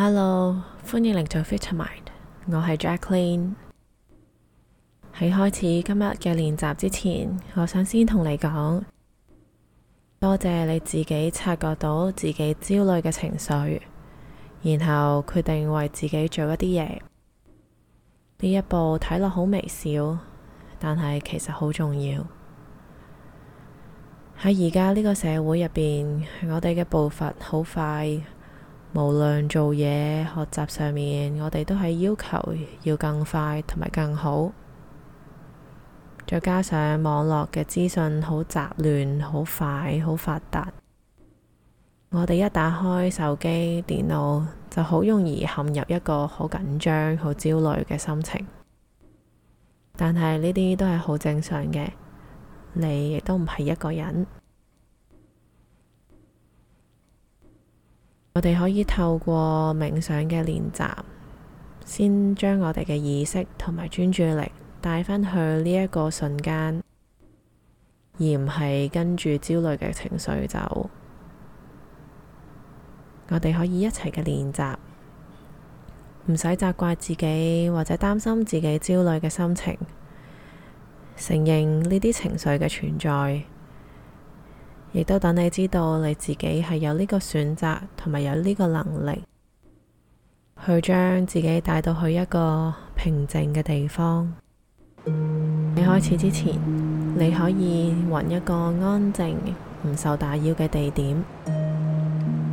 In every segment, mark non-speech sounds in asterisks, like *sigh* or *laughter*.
Hello，歡迎嚟做 FitMind，我係 Jaclyn。喺開始今日嘅練習之前，我想先同你講，多謝你自己察覺到自己焦慮嘅情緒，然後決定為自己做一啲嘢。呢一步睇落好微小，但係其實好重要。喺而家呢個社會入邊，我哋嘅步伐好快。無論做嘢、學習上面，我哋都係要求要更快同埋更好。再加上網絡嘅資訊好雜亂、好快、好發達，我哋一打開手機、電腦，就好容易陷入一個好緊張、好焦慮嘅心情。但係呢啲都係好正常嘅，你亦都唔係一個人。我哋可以透過冥想嘅練習，先將我哋嘅意識同埋專注力帶返去呢一個瞬間，而唔係跟住焦慮嘅情緒走。我哋可以一齊嘅練習，唔使責怪自己或者擔心自己焦慮嘅心情，承認呢啲情緒嘅存在。亦都等你知道你自己係有呢個選擇同埋有呢個能力，去將自己帶到去一個平靜嘅地方。你開始之前，你可以揾一個安靜唔受打擾嘅地點。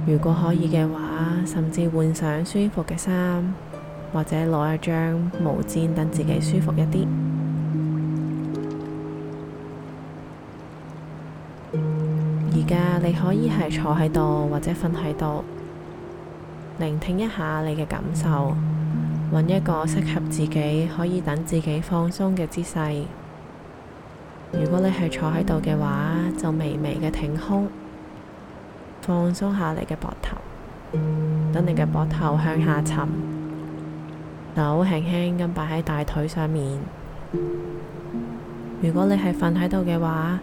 如果可以嘅話，甚至換上舒服嘅衫，或者攞一張毛氈等自己舒服一啲。家你可以係坐喺度或者瞓喺度，聆聽一下你嘅感受，揾一個適合自己可以等自己放鬆嘅姿勢。如果你係坐喺度嘅話，就微微嘅挺胸，放鬆下你嘅膊頭，等你嘅膊頭向下沉，手輕輕咁擺喺大腿上面。如果你係瞓喺度嘅話，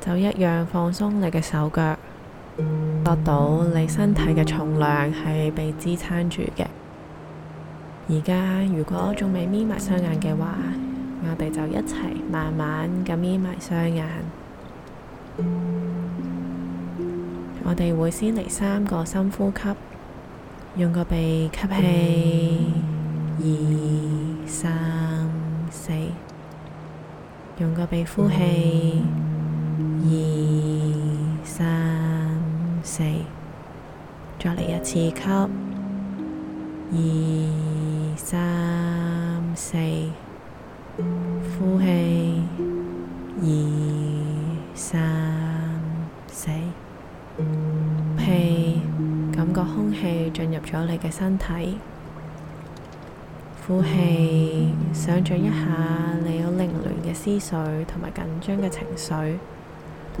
就一樣放鬆你嘅手腳，落到你身體嘅重量係被支撐住嘅。而家如果仲未眯埋雙眼嘅話，我哋就一齊慢慢咁眯埋雙眼。我哋會先嚟三個深呼吸，用個鼻吸氣，嗯、二三四，用個鼻呼氣。嗯二三四，再嚟一次吸。二三四，呼氣。二三四，呼氣，感覺空氣進入咗你嘅身體。呼氣，想象一下你有凌亂嘅思緒同埋緊張嘅情緒。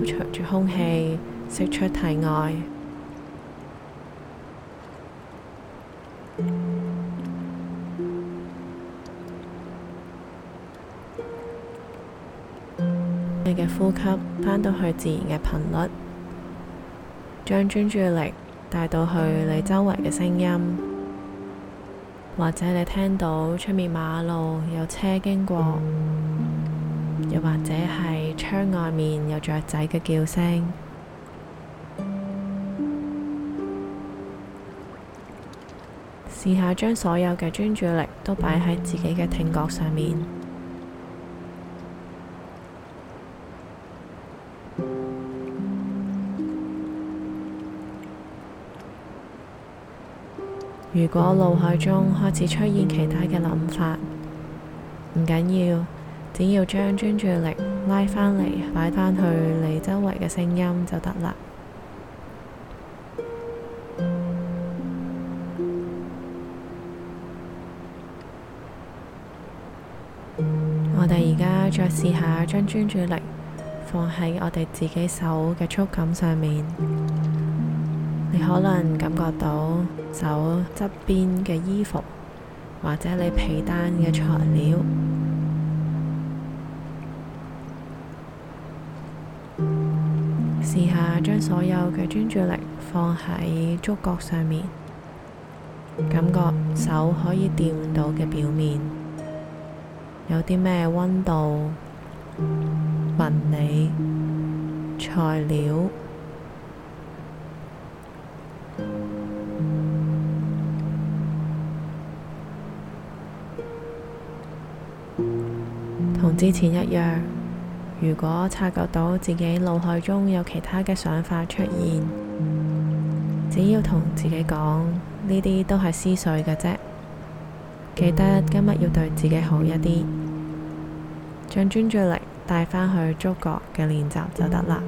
隨住空氣，釋出體外。你嘅 *noise* 呼吸返到去自然嘅頻率，將專注力帶到去你周圍嘅聲音，或者你聽到出面馬路有車經過。又或者係窗外面有雀仔嘅叫聲， *noise* 試下將所有嘅專注力都擺喺自己嘅聽覺上面。 *noise* 如果腦海中開始出現其他嘅諗法，唔緊要。只要將專注力拉返嚟，擺返去你周圍嘅聲音就得喇。 *noise* 我哋而家再試下將專注力放喺我哋自己手嘅觸感上面，你可能感覺到手側邊嘅衣服，或者你被單嘅材料。試下將所有嘅專注力放喺觸覺上面，感覺手可以掂到嘅表面有啲咩溫度、紋理、材料，同之前一樣。如果察覺到自己腦海中有其他嘅想法出現，只要同自己講，呢啲都係思緒嘅啫，記得今日要對自己好一啲，將專注力帶返去觸覺嘅練習就得啦。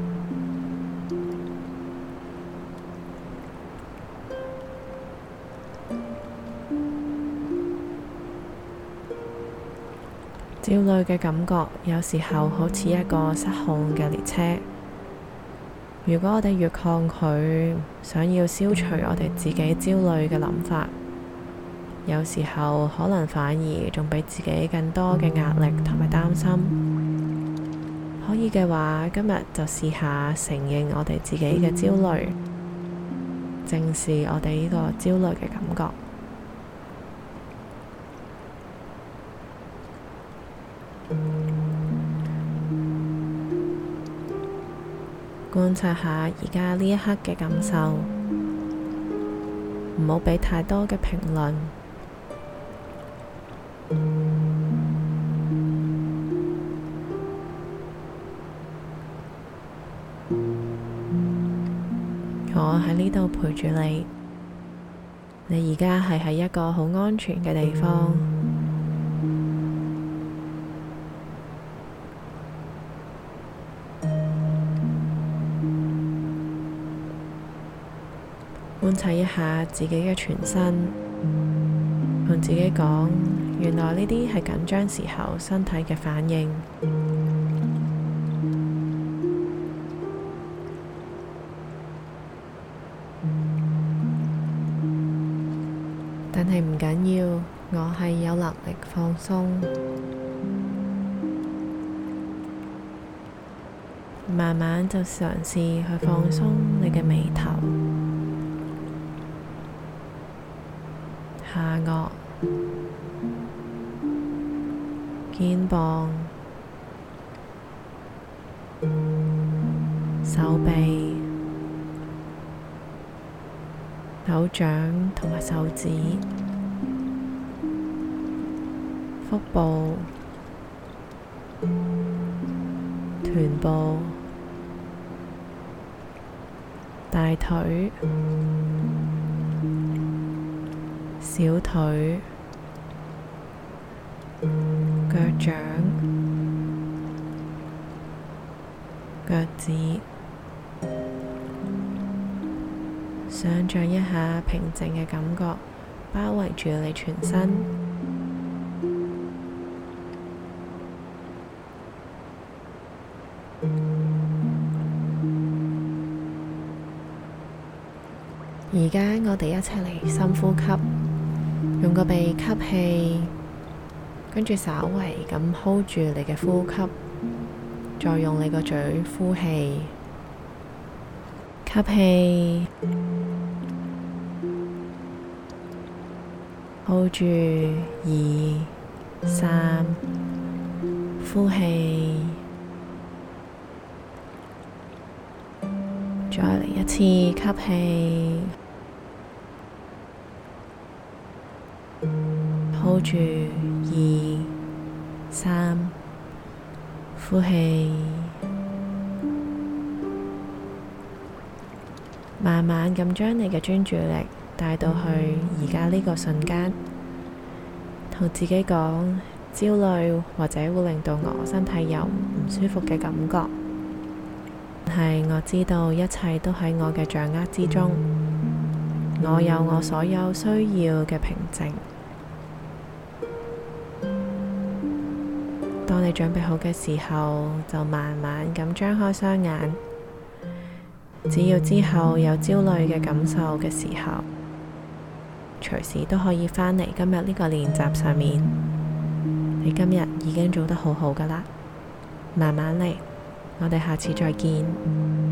焦慮嘅感覺，有時候好似一個失控嘅列車。如果我哋越抗拒想要消除我哋自己焦慮嘅諗法，有時候可能反而仲俾自己更多嘅壓力同埋擔心。可以嘅話，今日就試下承認我哋自己嘅焦慮，正視我哋呢個焦慮嘅感覺。觀察下而家呢一刻嘅感受，唔好畀太多嘅評論。我喺呢度陪住你，你而家係喺一個好安全嘅地方。觀察一下自己嘅全身，同自己講：原來呢啲係緊張時候身體嘅反應。但係唔緊要，我係有能力放鬆，慢慢就嘗試去放鬆你嘅眉頭。下顎、肩膀、手臂、手掌同埋手指、腹部、臀部、大腿。小腿、腳掌、腳趾，想像一下平靜嘅感覺，包圍住你全身。而家 *noise* 我哋一齊嚟深呼吸。用個鼻吸氣，跟住稍微咁 hold 住你嘅呼吸，再用你個嘴呼氣。吸氣，hold 住二三，呼氣，再嚟一次吸氣。Hold 住二三，呼氣，慢慢咁將你嘅專注力帶到去而家呢個瞬間，同自己講，焦慮或者會令到我身體有唔舒服嘅感覺，但係我知道一切都喺我嘅掌握之中，嗯、我有我所有需要嘅平靜。當你準備好嘅時候，就慢慢咁張開雙眼。只要之後有焦慮嘅感受嘅時候，隨時都可以返嚟今日呢個練習上面。你今日已經做得好好㗎喇，慢慢嚟，我哋下次再見。